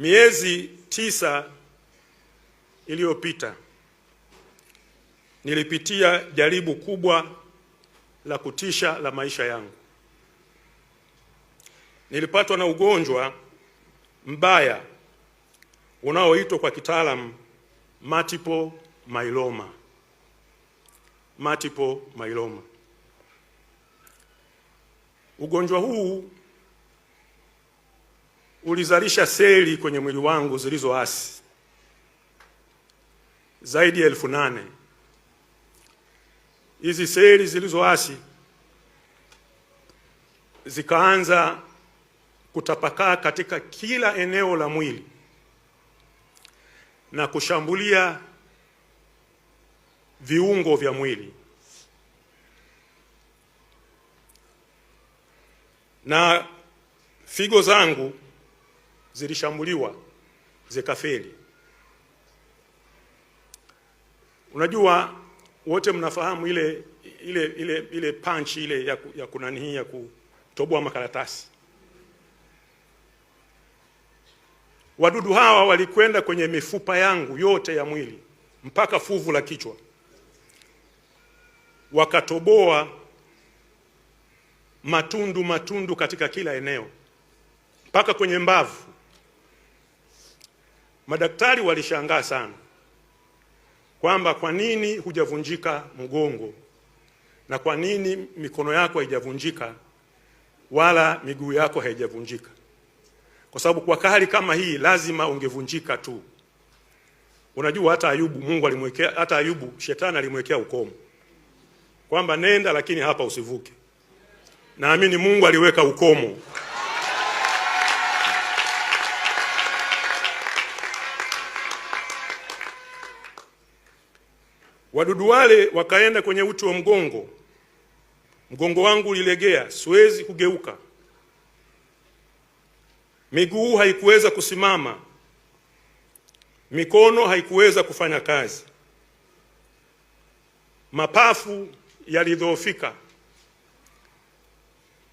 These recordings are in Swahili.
Miezi tisa iliyopita nilipitia jaribu kubwa la kutisha la maisha yangu. Nilipatwa na ugonjwa mbaya unaoitwa kwa kitaalamu multiple myeloma. Multiple myeloma. Ugonjwa huu ulizalisha seli kwenye mwili wangu zilizoasi zaidi ya elfu nane. Hizi seli zilizoasi zikaanza kutapakaa katika kila eneo la mwili na kushambulia viungo vya mwili na figo zangu zilishambuliwa zikafeli. Unajua wote mnafahamu ile ile ile ile punch ile ya, ya kunani hii ya kutoboa makaratasi. Wadudu hawa walikwenda kwenye mifupa yangu yote ya mwili mpaka fuvu la kichwa, wakatoboa matundu matundu katika kila eneo mpaka kwenye mbavu. Madaktari walishangaa sana kwamba kwa nini hujavunjika mgongo na kwa nini mikono yako haijavunjika wala miguu yako haijavunjika, kwa sababu kwa hali kama hii lazima ungevunjika tu. Unajua hata Ayubu Mungu alimwekea, hata Ayubu shetani alimwekea ukomo kwamba nenda, lakini hapa usivuke. Naamini Mungu aliweka ukomo Wadudu wale wakaenda kwenye uti wa mgongo, mgongo wangu ulilegea, siwezi kugeuka, miguu haikuweza kusimama, mikono haikuweza kufanya kazi, mapafu yalidhoofika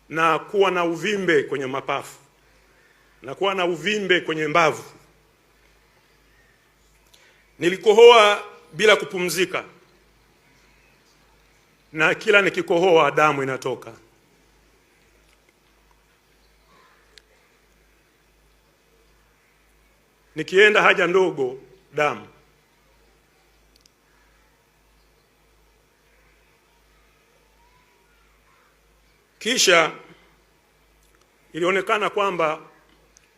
na kuwa na uvimbe kwenye mapafu na kuwa na uvimbe kwenye mbavu. Nilikohoa bila kupumzika na kila nikikohoa damu inatoka. Nikienda haja ndogo damu. Kisha ilionekana kwamba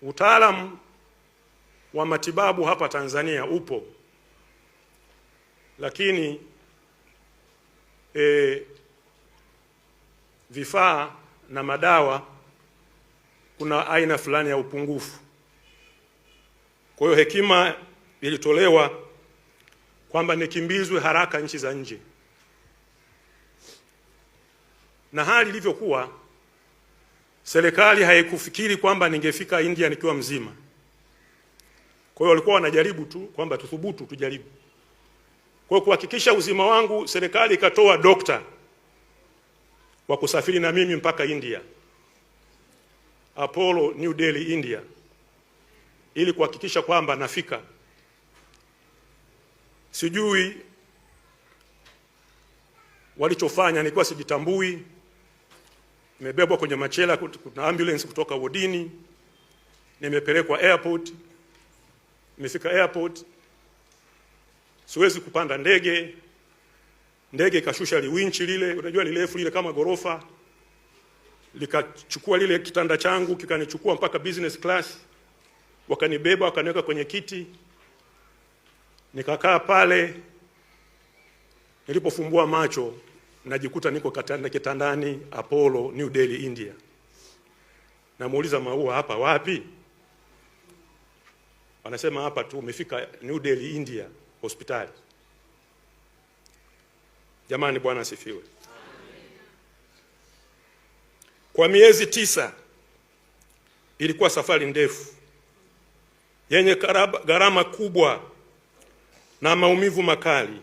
utaalamu wa matibabu hapa Tanzania upo, lakini e, vifaa na madawa kuna aina fulani ya upungufu. Kwa hiyo hekima ilitolewa kwamba nikimbizwe haraka nchi za nje, na hali ilivyokuwa, serikali haikufikiri kwamba ningefika India nikiwa mzima. Kwa hiyo walikuwa wanajaribu tu kwamba tuthubutu, tujaribu kwa kuhakikisha uzima wangu, serikali ikatoa dokta wa kusafiri na mimi mpaka India, Apollo New Delhi India, ili kuhakikisha kwamba nafika. Sijui walichofanya, nilikuwa sijitambui, nimebebwa kwenye machela, kuna ambulance kutoka wodini, nimepelekwa airport, nimefika airport siwezi kupanda ndege, ndege ikashusha liwinchi lile, unajua lirefu lile kama gorofa, likachukua lile kitanda changu kikanichukua mpaka business class, wakanibeba wakaniweka kwenye kiti, nikakaa pale. Nilipofumbua macho najikuta niko katanda, kitandani Apollo, New Delhi, India. Namuuliza, Maua, hapa wapi? Anasema hapa tu, umefika New Delhi, India hospitali. Jamani, Bwana asifiwe. Kwa miezi tisa ilikuwa safari ndefu yenye gharama kubwa na maumivu makali,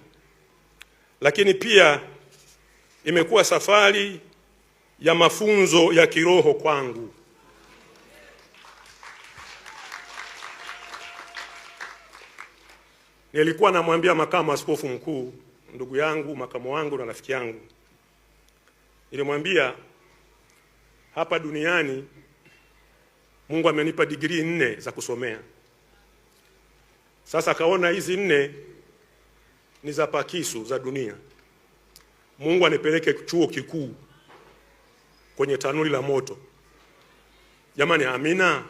lakini pia imekuwa safari ya mafunzo ya kiroho kwangu. Nilikuwa namwambia makamu askofu mkuu, ndugu yangu, makamu wangu na rafiki yangu, nilimwambia hapa duniani Mungu amenipa digrii nne za kusomea. Sasa akaona hizi nne ni za pakisu za dunia, Mungu anipeleke chuo kikuu kwenye tanuri la moto. Jamani, amina,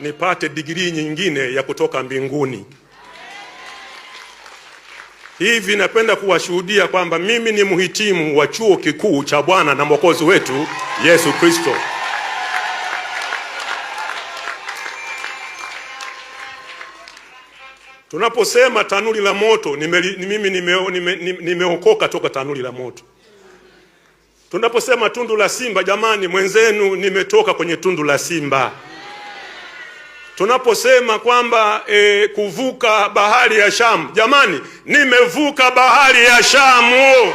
nipate digrii nyingine ya kutoka mbinguni. Hivi napenda kuwashuhudia kwamba mimi ni mhitimu wa chuo kikuu cha Bwana na Mwokozi wetu Yesu Kristo. Tunaposema tanuri la moto, mimi nimeokoka nime, nime toka tanuri la moto. Tunaposema tundu la simba, jamani, mwenzenu nimetoka kwenye tundu la simba tunaposema kwamba e, kuvuka bahari ya Shamu, jamani, nimevuka bahari ya Shamu.